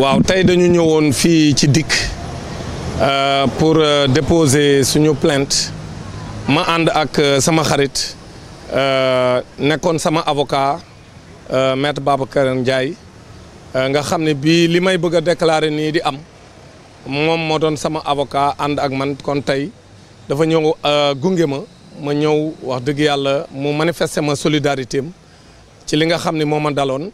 waaw tey dañu ñëwoon fii ci dikk euh, pour euh, déposer suñu plainte ma ànd ak euh, sama xarit nekkoon sama avocat maître Babacar Ndiaye nga xam ne bii li may bëgg a déclarer nii di am moom moo doon sama avocat ànd ak man kon tey dafa ñëw gunge ma ma ñëw wax dëgg yàlla mu manifester ma solidarité ci li nga xam ni moom ma daloon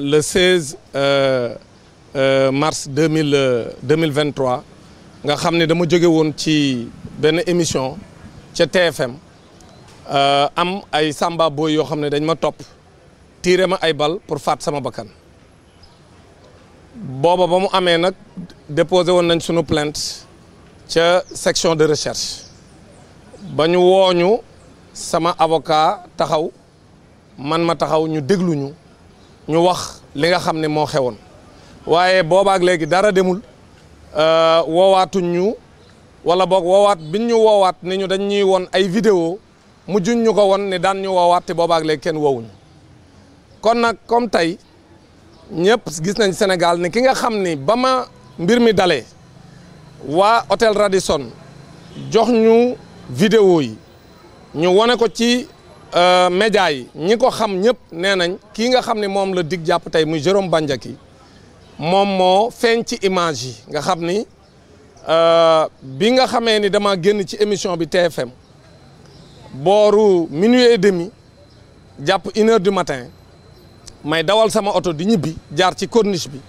le 16. Euh, mars deux mille euh, deux mille vingt nga xam ne dama jóge woon ci benn émission ca TFM euh, am ay samba boy yoo xam ne dañ ma topp tiire ma ay bal pour faat sama bakkan booba ba mu amee nag déposé woon nañ sunu plainte ca section de recherche ba ñu wooñu sama avocat taxaw man ma taxaw ñu dégluñu ñu wax li nga xam ne moo xewoon waaye boobaak léegi dara demul euh, woowaatuñ ñu wala boog woowaat biñ ñu woowaat ni ñu dañ ñuy woon ay vidéo mujjuñ ñu ko won ne daan ñu woowaat te boobaak léegi kenn woowuñu kon nag comme tey ñëpp gis nañ Sénégal ne ki nga xam ni ba ma mbir mi dalee waa hôtel Radisson jox ñu vidéo yi ñu wane ko ci euh, média yi ñi ko xam ñëpp nee nañ kii nga xam ne moom la dig jàpp tey muy Jérôme Bandiaky moom moo feeñ ci image yi nga xam ni euh, bi nga xamee ni dama génn ci émission bi TFM booru minuit et demi jàpp une heure du matin may dawal sama oto di ñibbi jaar ci corniche bi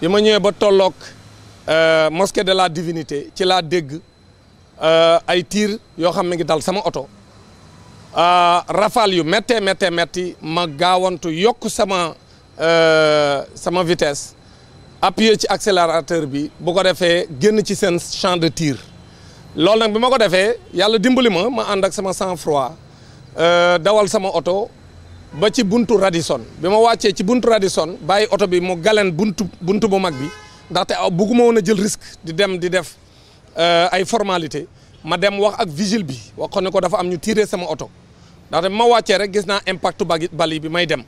bi ma ñëwee ba tolloog euh, mosquée de la divinité ci la dégg euh, ay tiir yoo xam ne ngi dal sama oto rafal yu méttee méttee metti ma gaawantu yokk sama sama vitesse appuyer ci accélérateur bi bu ko defee génn ci seen champ de tir loolu nag bi ma ko defee yàlla dimbali ma ma ànd ak sama sang froid euh, dawal sama oto ba ci buntu Radisson bi ma wàccee ci buntu Radisson bàyyi oto bi mu galen buntu buntu bu mag bi ndaxte aw bugguma woon a jël risque di dem di def euh, ay formalité ma dem wax ak vigile bi wax ko ne ko dafa am ñu tiiree sama oto ndaxte bi ma wàccee rek gis naa impact bali bi may dem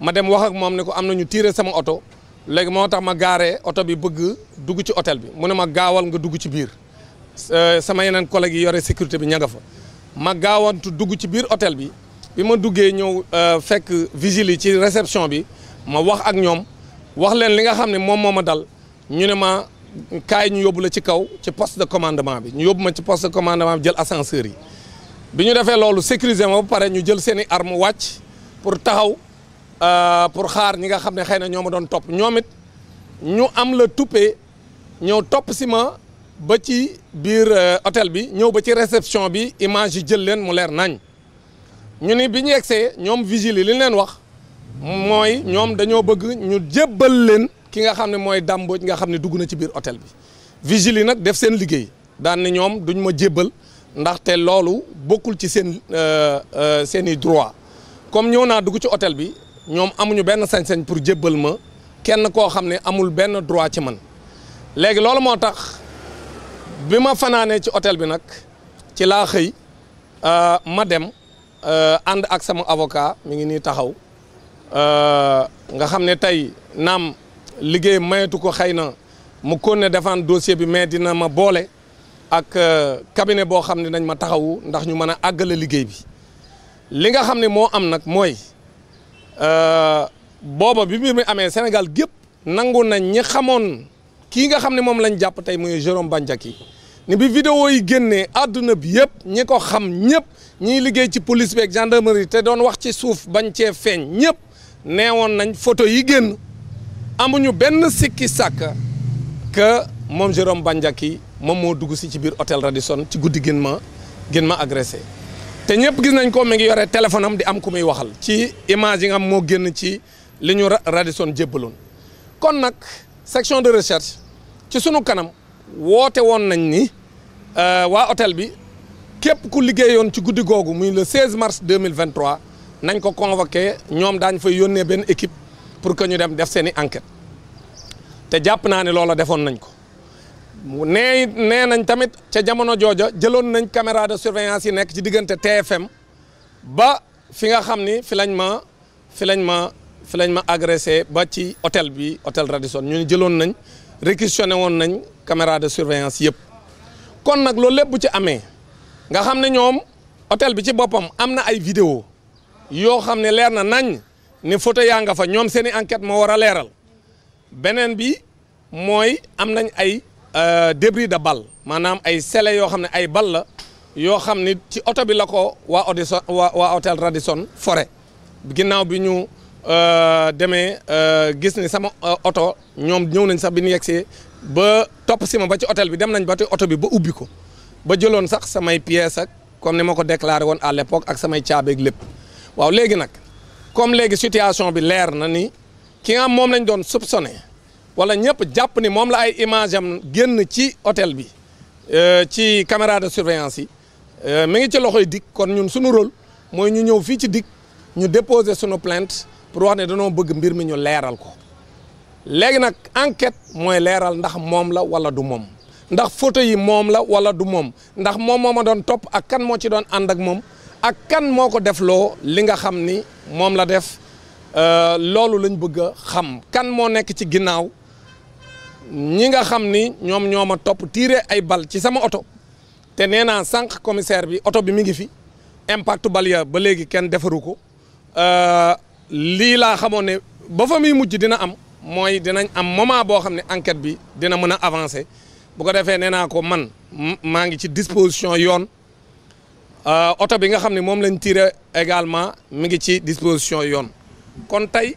ma dem wax ak moom ne ko am na ñu tiiree sama oto léegi moo tax ma gaare oto bi bëgg dugg ci hôtel bi mu ne ma gaawal nga dugg ci biir euh, sama yeneen collègues yore sécurité bi ña nga fa ma gaawantu dugg ci biir hôtel bi bi ma duggee ñëw euh, fekk vigile yi ci réception bi ma wax ak ñoom wax leen li nga xam ne moom moo ma dal ñu ne ma kaay ñu yóbbu la ci kaw ci poste de commandement bi ñu yóbbu ma ci poste de commandement bi jël assenseur yi bi ñu defee loolu sécuriser ma ba pare ñu jël seen i arme wàcc pour taxaw Euh, pour xaar ñi nga xam ne xëy na ñoo ma doon topp ñoom it ñu am la tuppee ñëw topp si ma ba ci biir euh, hôtel bi ñëw ba ci réception bi image yi jël leen mu leer nañ ñu ni bi ñu yegsee ñoom vigile yi li leen wax mooy ñoom dañoo bëgg ñu jébbal leen ki nga xam ne mooy dàmbooj nga xam ne dugg na ci biir hôtel bi vigile yi nag def seen liggéey daan ni ñoom duñ ma jébbal ndaxte loolu bokkul ci seen euh, seen i droit comme ñëw naa dugg ci hôtel bi ñoom amuñu benn sañ-sañ pour jébbal ma kenn koo xam ne amul benn droit ci man léegi loolu moo tax bi ma fanaanee ci hôtel bi nag ci laa xëy euh, ma dem euh, ànd ak sama avocat mu ngi nii taxaw euh, nga xam ne tey naam liggéey mayetu ko xëy na mu kon ne défendre dossier bi mais dina ma boole ak cabinet boo xam ne dañ ma taxawu ndax ñu mën a àggale liggéey bi li nga xam ne moo am nag mooy Euh, booba bi mbir mi amee Sénégal gépp nangu nañ ñi xamoon kii nga xam ne moom lañ jàpp tey muy Jérôme Bandiaky ni bi vidéo yi génnee àdduna bi yëpp ñi ko xam ñëpp ñiy liggéey ci police beeg gendarmerie te doon wax ci suuf bañ cee feeñ ñëpp neewoon nañ photo yi génn amuñu benn sikki sàkk que moom Jérôme Bandiaky moom moo dugg si ci biir hôtel Radisson ci guddi génn ma gën ma agressé te ñëpp gis nañ ko mi ngi yore téléphone am di am ku muy waxal ci image yi am moo génn ci li ñu Radisson jébbaloon kon nag section de recherche ci sunu kanam woote woon nañ ni euh, waa hôtel bi képp ku liggéey yoon ci guddi googu muy le 16 mars 2023 nañ ko convoqué ñoom daañ fay yónnee benn équipe pour que ñu dem def seeni enquête te jàpp naa ne loola defoon nañ ko nee nee nañ tamit ca jamono jooja jëloon nañ caméra de surveillance yi nekk ci diggante TFM ba fi nga xam ni fi lañ ma fi lañ ma fi lañ ma agressé ba ci hôtel bi hôtel Radisson ñu jëloon nañ réquisitionné woon nañ caméra de surveillance yëpp kon nag loolu lépp bu ci amee nga xam ne ñoom hôtel bi ci boppam am na ay vidéo yoo xam ne leer na nañ ne photo yaa nga fa ñoom seen i enquête moo war a leeral beneen bi mooy am nañ ay Euh, débris de bal maanaam ay sele yoo xam ne ay bal la yoo xam ni ci oto bi la ko waa Radisson waa hôtel Radisson fore ginaaw bi ñu euh, demee euh, gis ni sama oto ñoom ñëw nañ sax bi ñu yegsee ba topp si ma ba ci hôtel bi dem nañ ba ti oto bi ba ubbi ko ba jëloon sax samay pièces ak comme ni ma ko déclaré woon à l'époque ak samay caabeeg lépp waaw léegi nag comme léegi situation bi leer na ni ki nga moom lañ doon soupçonné wala ñëpp jàpp ni moom la ay image am génn ci hôtel bi euh, ci caméra de surveillance yi euh, mi ngi ci loxo yi DIC kon ñun suñu rôle mooy ñu ñëw fii ci DIC ñu déposer suñu plainte pour wax ne danoo bëgg mbir mi ñu leeral ko léegi nag enquête mooy leeral ndax moom la wala du moom ndax photo yi moom la wala du moom ndax moom moo ma doon topp ak kan moo ci doon ànd ak moom ak kan moo ko def loo li nga xam ni moom la def euh, loolu lañ bëgg xam kan moo nekk ci ginnaaw ñi nga xam ni ñoom ñoo ma topp tiire ay bal ci sama oto te nee naa sànq commissaire bi oto bi mi ngi fi impact bal ya ba léegi kenn defaru ko euh, lii laa xamoon ne ba fa muy mujj dina am mooy dinañ am moment boo xam ne enquête bi dina mën a avancer bu ko defee nee naa ko man maa ngi ci disposition yoon euh, oto bi nga xam ne moom lañ tiire également mi ngi ci disposition yoon kon tey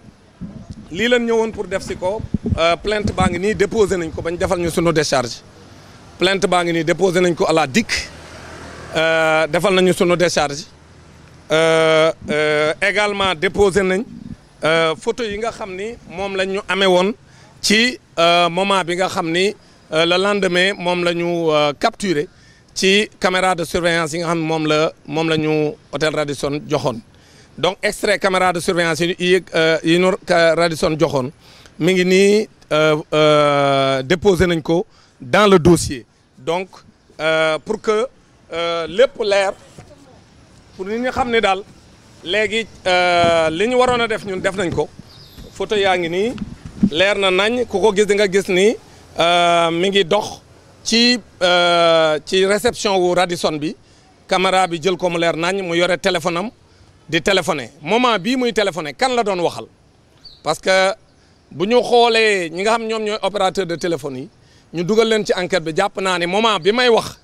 lii lan woon pour def si ko euh, plainte baa ngi nii déposé nañ ko bañ defal ñu sunu décharge plainte baa ngi nii déposé nañ ko à la DIC euh, defal nañu sunu décharge euh, également déposé nañ photo yi nga xam ni moom la ñu amee woon ci moment bi nga xam ni le lendemain moom la ñu capturé ci caméra de surveillance yi nga xam moom la moom la ñu hôtel Radisson joxoon. donc extrait caméra de surveillance yi yi euh, yi ñu Radisson joxoon mi ngi nii euh, euh, déposé nañ ko dans le dossier donc euh, pour que lépp leer pour nit ñi xam ne daal léegi li ñu waroon a def ñun def nañ ko photo yaa ngi nii leer na nañ ku ko gis di nga gis ni mi ngi dox ci ci réception wu Radisson bi caméra bi jël ko mu leer nañ mu yore téléphone am di téléphone moment bii muy téléphone kan la doon waxal parce que bu ñu xoolee ñi nga xam ñoom ñooy opérateur de téléphone yi ñu dugal leen ci enquête bi jàpp naa moment bi may wax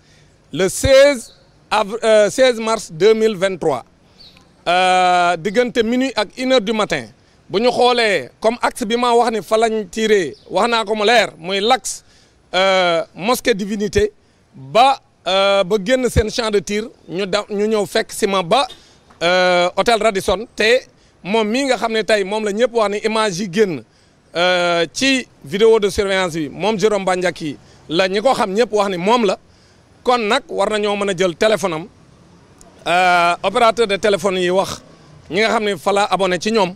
le 16 av 16 euh, mars 2023 euh, diggante minuit ak une heure du matin bu ñu xoolee comme axe bi ma wax ni fa lañ tiré wax naa ko mu leer muy l'axe euh, mosquée divinité ba ba génn seen champ de tir ñu da ñu ñëw fekk si ma ba. Euh, hôtel Radisson te moom mii nga xam ne tey moom la ñëpp wax ne image yi génn euh, ci vidéo de surveillance bi moom Jérôme Bandiaky la ñi ko xam ñëpp wax ni moom la kon nag war nañoo mën a jël téléphone am euh, opérateur de téléphone yi wax ñi nga xam ne fa la abonné ci ñoom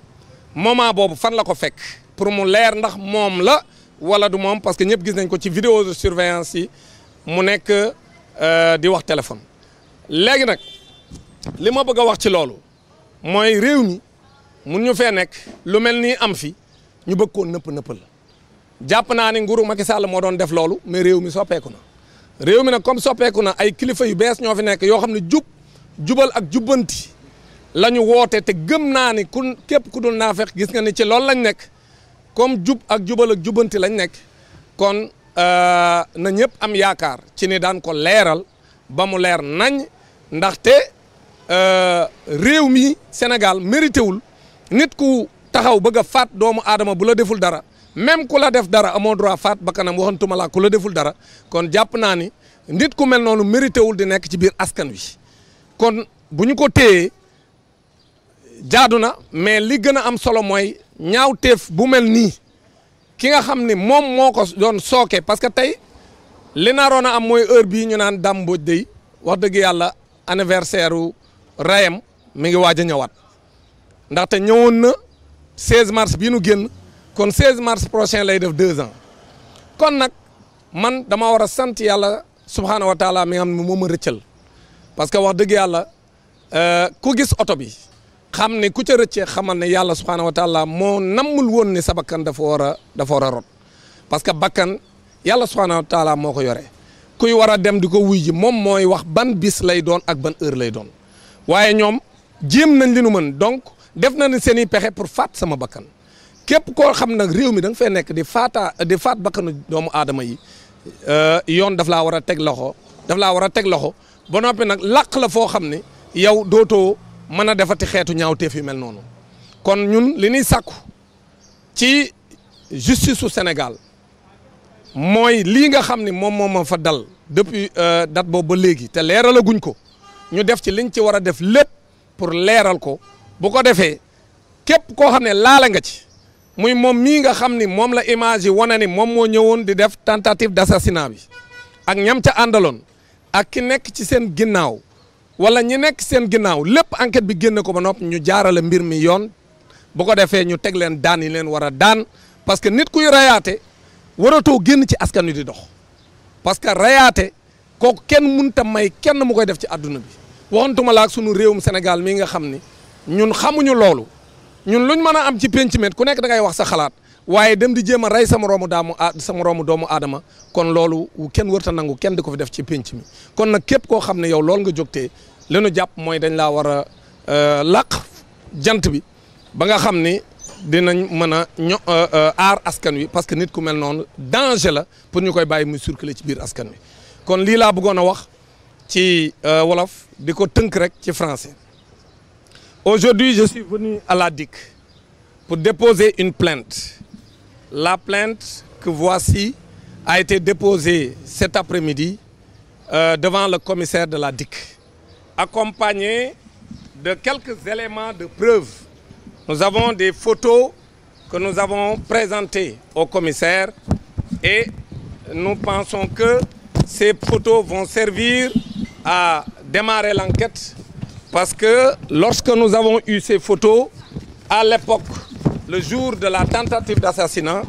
moment boobu fan la ko fekk pour mu leer ndax moom la wala du moom parce que ñëpp gis nañ ko ci vidéo de surveillance yi mu nekk di wax téléphone léegi nag. li ma bëgg a wax ci loolu mooy réew mi mun ñu fee nekk lu mel nii am fi ñu bëgg koo nëpp nëppal jàpp naa ne nguuru Macky Sall moo doon def loolu mais réew mi soppeeku na réew mi na comme soppeeku na ay kilifa yu bees ñoo fi nekk yoo xam ne jub jubal ak jubbanti la ñu woote te gëm naa ni ku képp ku dul naafeq gis nga ni ci loolu lañ nekk comme jub ak jubal ak jubbanti lañ nekk kon euh, na ñëpp am yaakaar ci ni daan ko leeral ba mu leer nañ ndaxte Euh, réew mi Sénégal mérité wul nit ku taxaw bëgg a faat doomu aadama bu la deful dara même ku la def dara amoo droit faat bakkanam waxantuma laa ku la deful dara kon jàpp naa ni nit ku mel noonu mérité wul di nekk ci biir askan wi kon bu ñu ko téyee jaadu na mais li gën a am solo mooy ñaaw teef bu mel nii ki nga xam ne moom moo ko doon sooke parce que tey li naroon a am mooy heure bii ñu naan Dame Mbodj day wax dëgg yàlla anniversaire rayam mi ngi waaj a ñëwaat ndaxte ñëwoon na 16 mars bii nu génn kon 16 mars prochain lay def deux ans kon nag man dama war a sant yàlla subhaanahu wa taala mi nga a ne parce que wax dëgg yàlla euh, ku gis oto bi xam ne ku ca rëccee xamal ne yàlla subhaanahu wa taala moo nammul woon ne sa bakkan dafa war a dafa war a rot parce que bakkan yàlla subhaanahu wa moo ko yore kuy war a dem di ko wuy ji moom mooy wax ban bis lay doon ak ban heure lay doon waaye ñoom jéem nañ li nu mën donc def nañ seen i pexe pour faat sama bakkan képp koo xam nag réew mi da nga fay nekk di faata di faat bakkanu doomu aadama yi euh, yoon daf laa war a teg loxo daf laa war a teg ba noppi nag làq la foo xam ne yow dootoo mën a defati xeetu ñaawteef yu mel noonu kon ñun li ñuy sàkku ci justice su Sénégal mooy lii nga xam ne moom moo ma fa dal depuis euh, date boobu ba léegi te leeralaguñ ko. ñu def ci liñ ci war a def lépp pour leeral ko bu ko defee képp koo xam ne laale nga ci muy moom mii nga xam ni moom la image yi wane ni moom moo ñëwoon di def tentative d'assassinat bi ak ñam ca àndaloon ak ki nekk ci seen ginnaaw wala ñu nekk seen ginnaaw lépp enquête bi génne ko ba nopp ñu jaarale mbir mi yoon bu ko defee ñu teg leen daan yi leen war a daan parce que nit kuy rayaate waratoo génn ci askan wi di dox parce que kooku kenn mun mënta may kenn mu koy def ci àdduna bi waxantuma laa ak sunu réewum Sénégal mii nga xam ni ñun xamuñu loolu ñun luñ mën a am ci penc ku nekk da ngay wax sa xalaat waaye dem di jéem a rey sama roomu daamu a sama roomu doomu aadama kon loolu kenn warta nangu kenn di ko fi def ci penc mi kon nag képp koo xam ne yow loolu nga jógtee li nu jàpp mooy dañ laa war a euh, làq jant bi ba nga xam ni dinañ mën a ño euh, euh, aar askan wi parce que nit ku mel noonu danger la pour ñu koy bàyyi muy circuler ci biir askan wi kon lii laa bëggoon a wax ci euh, wolof di ko tënk rek ci français aujourd'hui je suis venu à la DIC pour déposer une plainte la plainte que voici a été déposée cet après-midi euh, devant le commissaire de la DIC accompagnée de quelques éléments de preuve nous avons des photos que nous avons présentées au commissaire et nous pensons que Ces photos vont servir à démarrer l'enquête parce que lorsque nous avons eu ces photos, à l'époque, le jour de la tentative d'assassinat,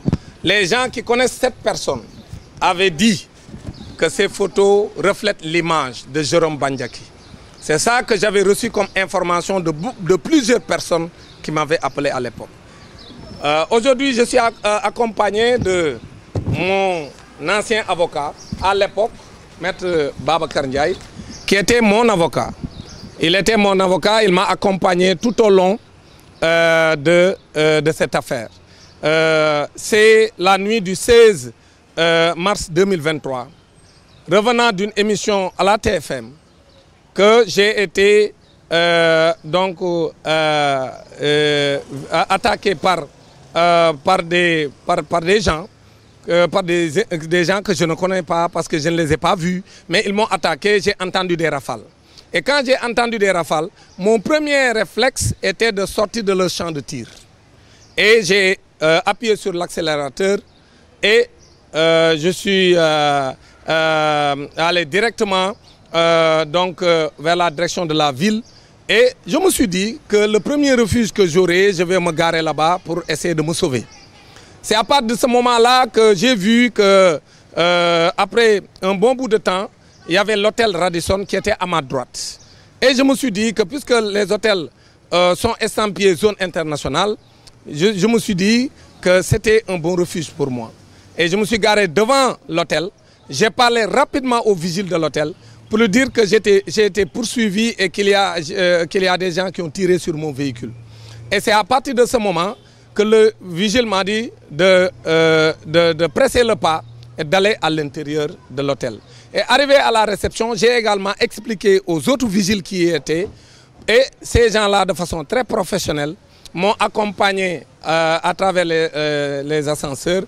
les gens qui connaissent cette personne avaient dit que ces photos reflètent l'image de Jérôme Bandiaki. C'est ça que j'avais reçu comme information de, de plusieurs personnes qui m'avaient appelé à l'époque. Euh, Aujourd'hui, je suis euh, accompagné de ancien avocat, à l'époque, maître Babacar Ndiaye, qui était mon avocat. Il était mon avocat, il m'a accompagné tout au long euh, de, euh, de, cette affaire. Euh, C'est la nuit du 16 euh, mars 2023, revenant d'une émission à la TFM, que j'ai été euh, donc euh, attaqué par, des, par, par des gens euh, par des, des gens que je ne connais pas parce que je ne les ai pas vus, mais ils m'ont attaqué, j'ai entendu des rafales. Et quand j'ai entendu des rafales, mon premier réflexe était de sortir de leur champ de tir. Et j'ai euh, appuyé sur l'accélérateur et euh, je suis euh, euh, allé directement euh, donc, vers la direction de la ville. Et je me suis dit que le premier refuge que j'aurai, je vais me garer là-bas pour essayer de me sauver. C'est à partir de ce moment-là que j'ai vu que, euh, après un bon bout de temps, il y avait l'hôtel Radisson qui était à ma droite. Et je me suis dit que les hôtels euh, sont estampillés zone internationale, je, je me suis dit que c'était un bon refuge pour moi. Et je me suis garé devant l'hôtel. J'ai parlé rapidement au vigile de l'hôtel pour le dire que j'ai été poursuivi et qu'il y, a, euh, y a des gens qui ont tiré sur mon véhicule. Et c'est à partir de ce moment que le vigile m'a dit de, euh, de, de, presser le pas et d'aller à l'intérieur de l'hôtel. Et arrivé à la réception, j'ai également expliqué aux autres vigiles qui y étaient, et ces gens-là, de façon très professionnelle, m'ont accompagné euh, à travers les, euh, les ascenseurs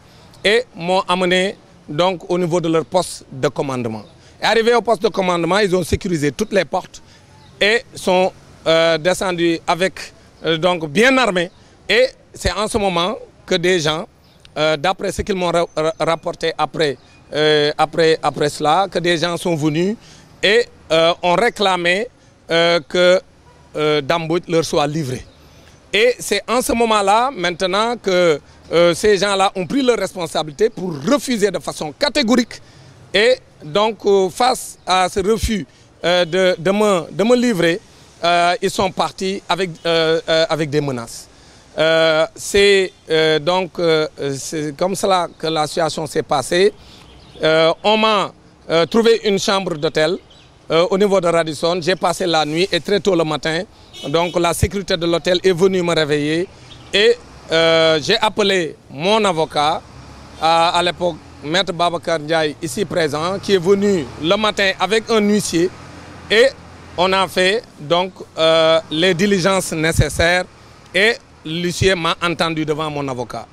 et m'ont amené donc, au niveau de leur poste de commandement. Et arrivé au poste de commandement, ils ont sécurisé toutes les portes et sont euh, descendus avec, euh, donc bien armés, Et c'est en ce moment que des gens, euh, d'après ce qu'ils m'ont rapporté après, euh, après, après cela, que des gens sont venus et euh, ont réclamé euh, que euh, Dambout leur soit livré. Et c'est en ce moment-là, maintenant, que euh, ces gens-là ont pris leurs responsabilité pour refuser de façon catégorique. Et donc, face à ce refus de, de, me, de me livrer, ils sont partis avec, avec des menaces. Euh, c'est euh, donc euh, comme cela que la situation s'est passée. Euh, on m'a euh, trouvé une chambre d'hôtel au niveau de Radisson. J'ai passé la nuit et très tôt le matin, donc la sécurité de l'hôtel est venue me réveiller et j'ai appelé mon avocat à, à l'époque Maître Babacar Ndiaye, ici présent, qui est venu le matin avec un huissier et on a fait donc euh, les diligences nécessaires et l'huissier m'a entendu devant mon avocat.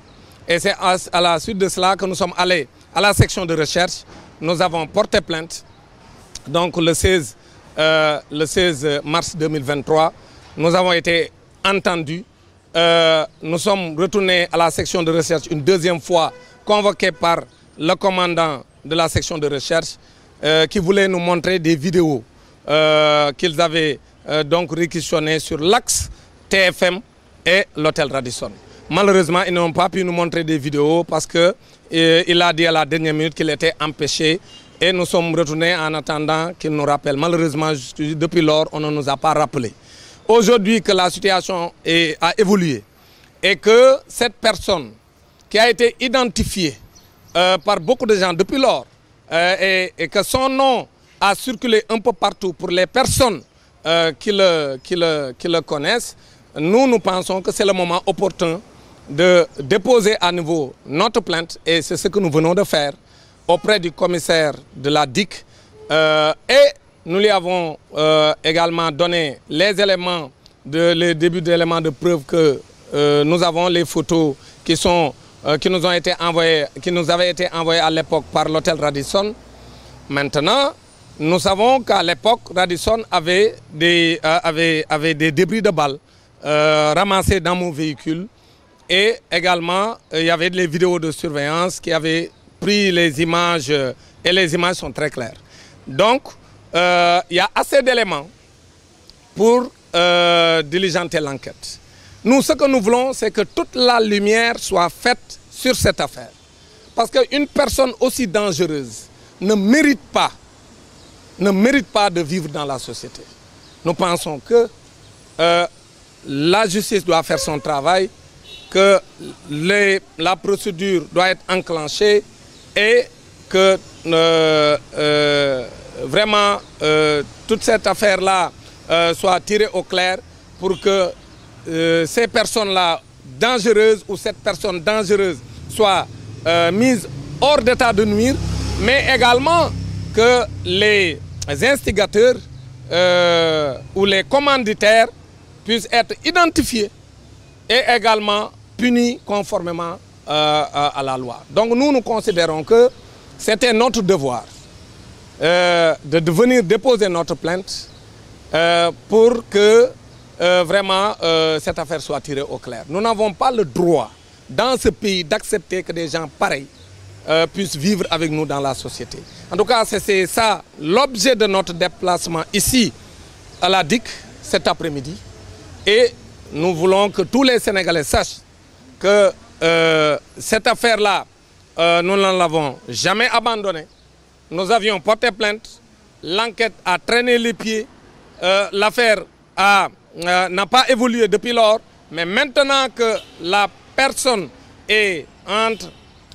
Et c'est à la suite de cela que nous sommes allés à la section de recherche. Nous avons porté plainte. Donc le 16, euh, le 16 mars 2023, nous avons été entendus. Euh, nous sommes retournés à la section de recherche une deuxième fois, convoqués par le commandant de la section de recherche euh, qui voulait nous montrer des vidéos euh, qu'ils avaient euh, donc réquisitionnées sur l'axe TFM et l'hôtel Radisson. Malheureusement, ils n'ont pas pu nous montrer des vidéos parce que euh, il a dit à la dernière minute qu'il était empêché et nous sommes retournés en attendant qu'il nous rappelle. Malheureusement, depuis lors, on ne nous a pas rappelé. Aujourd'hui que la situation est, a évolué et que cette personne qui a été identifiée euh, par beaucoup de gens depuis lors euh, et, que son nom a circulé un peu partout pour les personnes euh, qui, le, qui, le, qui le connaissent, nous, nous pensons que c'est le moment opportun de déposer à nouveau notre plainte et c'est ce que nous venons de faire auprès du commissaire de la DIC euh, et nous lui avons euh, également donné les éléments, de, les débuts d'éléments de preuve que euh, nous avons les photos qui, sont, euh, qui, nous ont été envoyées, qui nous avaient été envoyées à l'époque par l'hôtel Radisson. Maintenant, nous savons qu'à l'époque, Radisson avait des, euh, avait, avait des débris de balles. Euh, ramassés dans mon véhicule. Et également, euh, il y avait les vidéos de surveillance qui avaient pris les images euh, et les images sont très claires. Donc, euh, il y a assez d'éléments pour euh, diligenter l'enquête. Nous, ce que nous voulons, c'est que toute la lumière soit faite sur cette affaire. Parce qu'une personne aussi dangereuse ne mérite pas, ne mérite pas de vivre dans la société. Nous pensons que euh, la justice doit faire son travail, que les, la procédure doit être enclenchée et que euh, euh, vraiment euh, toute cette affaire-là euh, soit tirée au clair pour que ces personnes-là dangereuses ou cette personne dangereuse soit mise hors d'état de nuire, mais également que les instigateurs ou les commanditaires puissent être identifiés et également puni conformément euh, euh, à la loi. Donc nous, nous considérons que c'était notre devoir euh, de venir déposer notre plainte euh, pour que euh, vraiment euh, cette affaire soit tirée au clair. Nous n'avons pas le droit dans ce pays d'accepter que des gens pareils euh, puissent vivre avec nous dans la société. En tout cas, c'est ça l'objet de notre déplacement ici à la DIC cet après-midi. Et nous voulons que tous les Sénégalais sachent que euh, cette affaire-là, euh, nous ne l'avons jamais abandonnée. Nous avions porté plainte, l'enquête a traîné les pieds, euh, l'affaire euh, n'a pas évolué depuis lors, mais maintenant que la personne est entre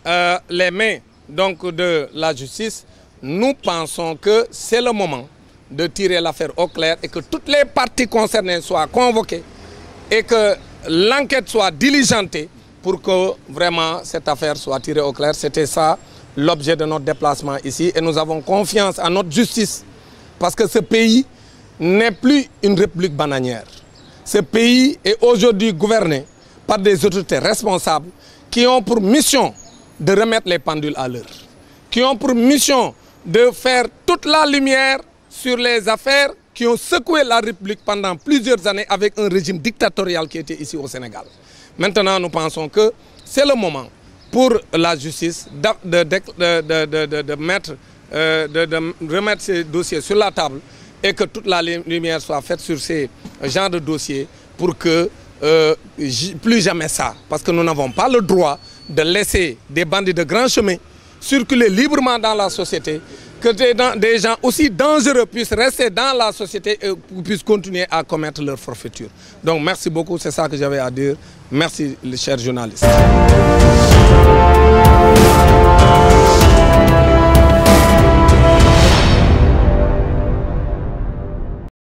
euh, les mains donc, de la justice, nous pensons que c'est le moment de tirer l'affaire au clair et que toutes les parties concernées soient convoquées et que l'enquête soit diligentée pour que vraiment cette affaire soit tirée au clair. C'était ça l'objet de notre déplacement ici et nous avons confiance en notre justice parce que ce pays n'est plus une république bananière. Ce pays est aujourd'hui gouverné par des autorités responsables qui ont pour mission de remettre les pendules à l'heure, qui ont pour mission de faire toute la lumière sur les affaires qui ont secoué la République pendant plusieurs années avec un régime dictatorial qui était ici au Sénégal. Maintenant, nous pensons que c'est le moment pour la justice de, de, de, de mettre, euh, de, remettre ces dossiers sur la table et que toute la lumière soit faite sur ces genres de dossiers pour que euh, plus jamais ça. Parce que nous n'avons pas le droit de laisser des bandits de grand chemin circuler librement dans la société que des, des gens aussi dangereux puissent rester dans la société et puissent continuer à commettre leur forfaiture. Donc merci beaucoup, c'est ça que j'avais à dire. Merci les chers journalistes.